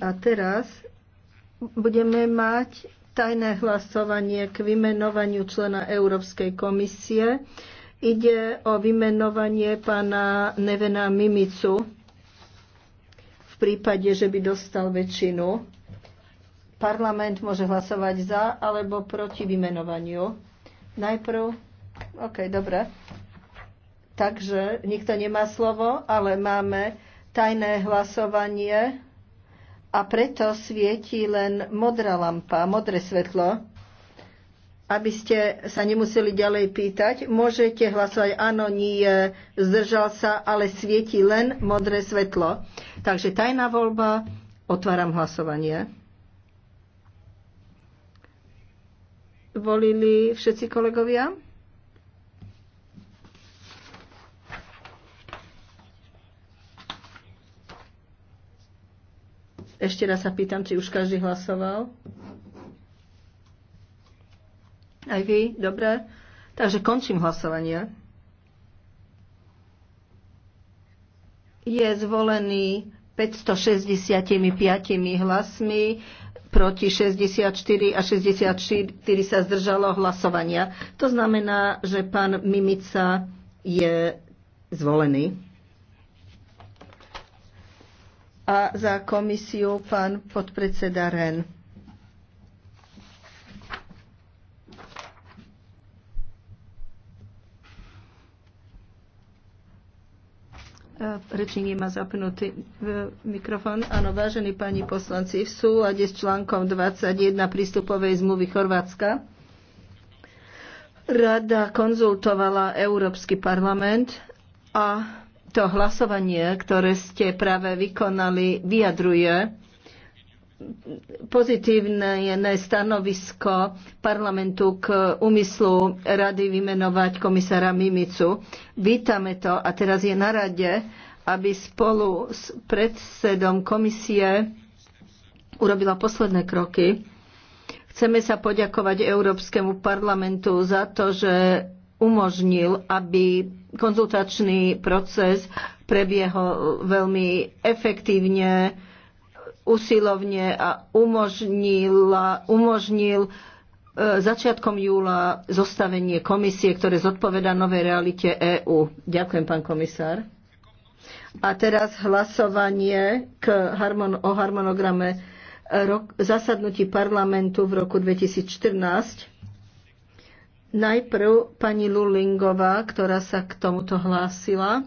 A teraz budeme mať tajné hlasovanie k vymenovaniu člena Európskej komisie. Ide o vymenovanie pána Nevena Mimicu v prípade, že by dostal väčšinu. Parlament môže hlasovať za alebo proti vymenovaniu. Najprv, OK, dobre. Takže nikto nemá slovo, ale máme tajné hlasovanie a preto svieti len modrá lampa, modré svetlo. Aby ste sa nemuseli ďalej pýtať, môžete hlasovať áno, nie, zdržal sa, ale svieti len modré svetlo. Takže tajná voľba, otváram hlasovanie. Volili všetci kolegovia? Ešte raz sa pýtam, či už každý hlasoval. Aj vy? Dobre. Takže končím hlasovanie. Je zvolený 565 hlasmi proti 64 a 64 sa zdržalo hlasovania. To znamená, že pán Mimica je zvolený a za komisiu pán podpredseda Ren. Rečník má zapnutý mikrofón. Áno, vážení pani poslanci, v súlade s článkom 21 prístupovej zmluvy Chorvátska Rada konzultovala Európsky parlament a to hlasovanie, ktoré ste práve vykonali, vyjadruje pozitívne stanovisko parlamentu k úmyslu rady vymenovať komisára Mimicu. Vítame to a teraz je na rade, aby spolu s predsedom komisie urobila posledné kroky. Chceme sa poďakovať Európskemu parlamentu za to, že umožnil, aby konzultačný proces prebiehol veľmi efektívne, usilovne a umožnil, umožnil e, začiatkom júla zostavenie komisie, ktoré zodpoveda novej realite EÚ. Ďakujem, pán komisár. A teraz hlasovanie k harmon- o harmonograme rok- zasadnutí parlamentu v roku 2014. Najprv pani Lulingová, ktorá sa k tomuto hlásila.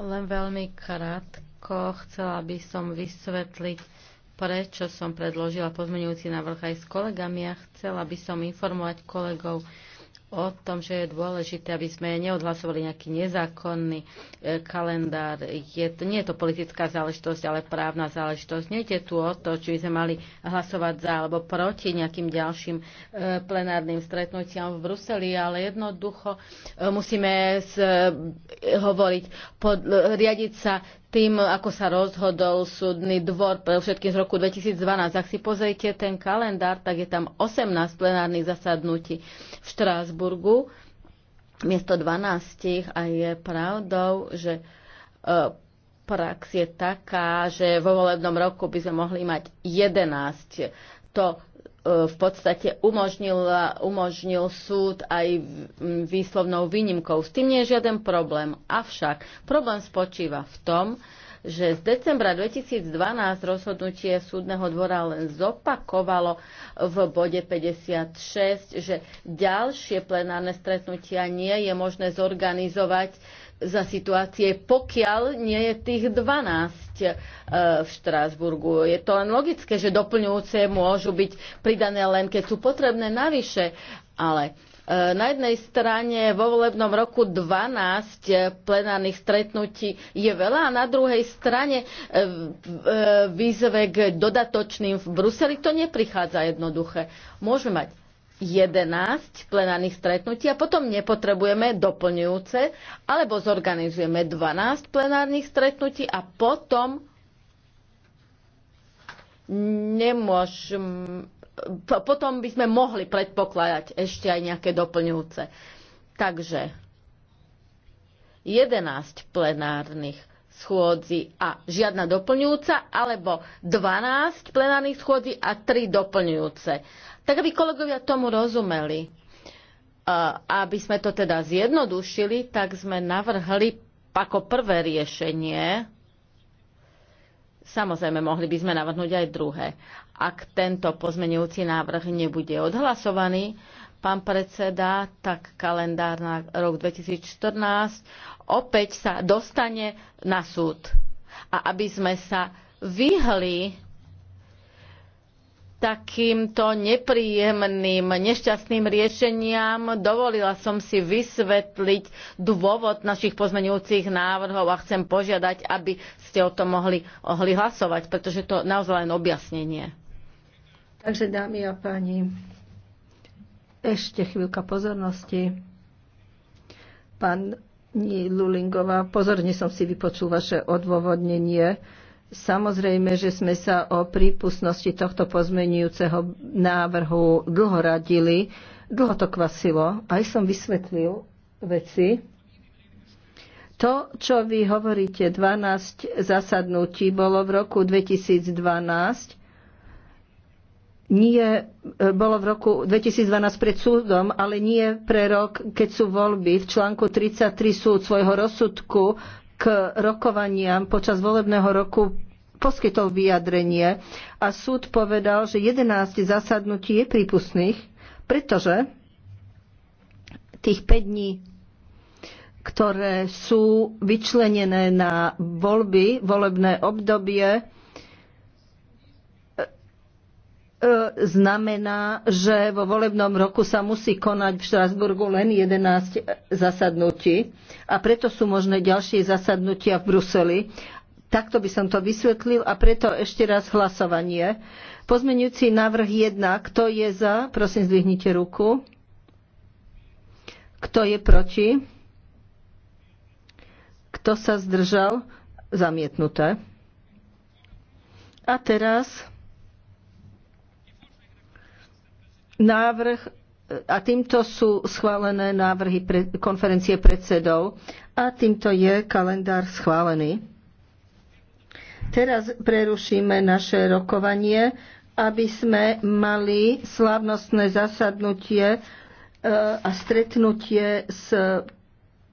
Len veľmi krátko chcela by som vysvetliť, prečo som predložila pozmeňujúci návrh aj s kolegami a chcela by som informovať kolegov, o tom, že je dôležité, aby sme neodhlasovali nejaký nezákonný e, kalendár. Je, nie je to politická záležitosť, ale právna záležitosť. Nie je tu o to, či by sme mali hlasovať za alebo proti nejakým ďalším e, plenárnym stretnutiam v Bruseli, ale jednoducho e, musíme z, hovoriť, pod, riadiť sa tým, ako sa rozhodol súdny dvor, pre všetkým z roku 2012. Ak si pozrite ten kalendár, tak je tam 18 plenárnych zasadnutí v Štrásburgu, miesto 12. A je pravdou, že e, prax je taká, že vo volebnom roku by sme mohli mať 11. To E, v podstate umožnil, umožnil súd aj výslovnou výnimkou. S tým nie je žiaden problém. Avšak problém spočíva v tom, že z decembra 2012 rozhodnutie súdneho dvora len zopakovalo v bode 56, že ďalšie plenárne stretnutia nie je možné zorganizovať za situácie, pokiaľ nie je tých 12 e, v Štrásburgu. Je to len logické, že doplňujúce môžu byť pridané len, keď sú potrebné navyše, ale e, na jednej strane vo volebnom roku 12 e, plenárnych stretnutí je veľa a na druhej strane výzve k dodatočným v Bruseli to neprichádza jednoduché. Môžeme mať 11 plenárnych stretnutí a potom nepotrebujeme doplňujúce, alebo zorganizujeme 12 plenárnych stretnutí a potom nemôžem, potom by sme mohli predpokladať ešte aj nejaké doplňujúce. Takže 11 plenárnych schôdzi a žiadna doplňujúca, alebo 12 plenárnych schôdzi a 3 doplňujúce. Tak, aby kolegovia tomu rozumeli, e, aby sme to teda zjednodušili, tak sme navrhli ako prvé riešenie, samozrejme mohli by sme navrhnúť aj druhé. Ak tento pozmenujúci návrh nebude odhlasovaný, pán predseda, tak kalendár na rok 2014 opäť sa dostane na súd. A aby sme sa vyhli takýmto nepríjemným, nešťastným riešeniam. Dovolila som si vysvetliť dôvod našich pozmenujúcich návrhov a chcem požiadať, aby ste o tom mohli, mohli hlasovať, pretože to naozaj len objasnenie. Takže dámy a páni, ešte chvíľka pozornosti. Pani Lulingová, pozorne som si vypočul vaše odôvodnenie. Samozrejme, že sme sa o prípustnosti tohto pozmenujúceho návrhu dlho radili. Dlho to kvasilo. Aj som vysvetlil veci. To, čo vy hovoríte, 12 zasadnutí bolo v roku 2012 nie e, bolo v roku 2012 pred súdom, ale nie pre rok, keď sú voľby. V článku 33 súd svojho rozsudku k rokovaniam počas volebného roku poskytol vyjadrenie a súd povedal, že 11 zasadnutí je prípustných, pretože tých 5 dní, ktoré sú vyčlenené na voľby, volebné obdobie, E, znamená, že vo volebnom roku sa musí konať v Štrasburgu len 11 zasadnutí a preto sú možné ďalšie zasadnutia v Bruseli. Takto by som to vysvetlil a preto ešte raz hlasovanie. Pozmenujúci návrh 1. Kto je za? Prosím, zdvihnite ruku. Kto je proti? Kto sa zdržal? Zamietnuté. A teraz návrh a týmto sú schválené návrhy pre, konferencie predsedov a týmto je kalendár schválený. Teraz prerušíme naše rokovanie, aby sme mali slávnostné zasadnutie e, a stretnutie s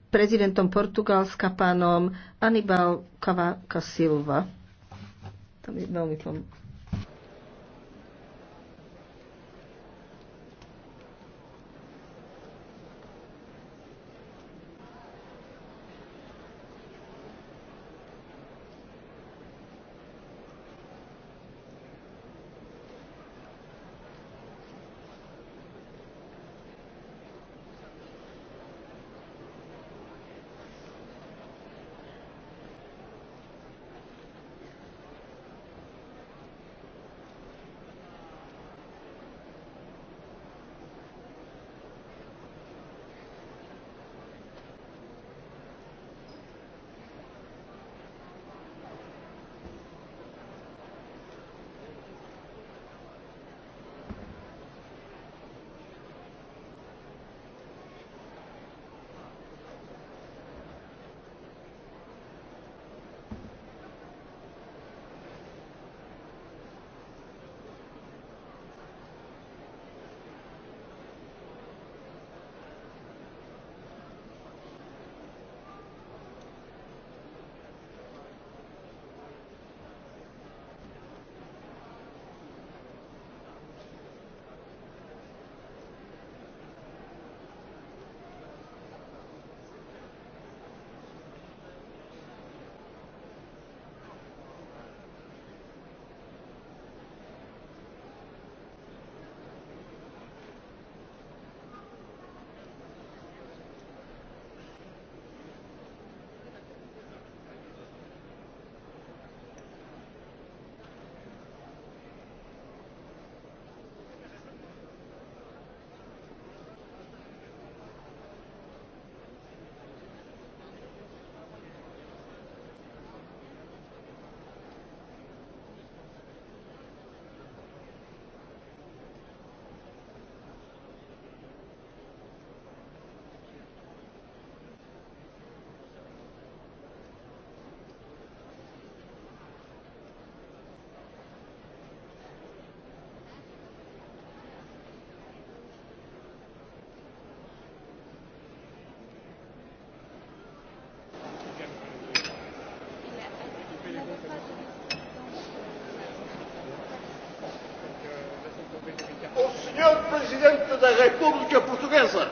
prezidentom Portugalska, pánom Anibal Cavaca Silva. To je veľmi pomôže. Presidente da República Portuguesa.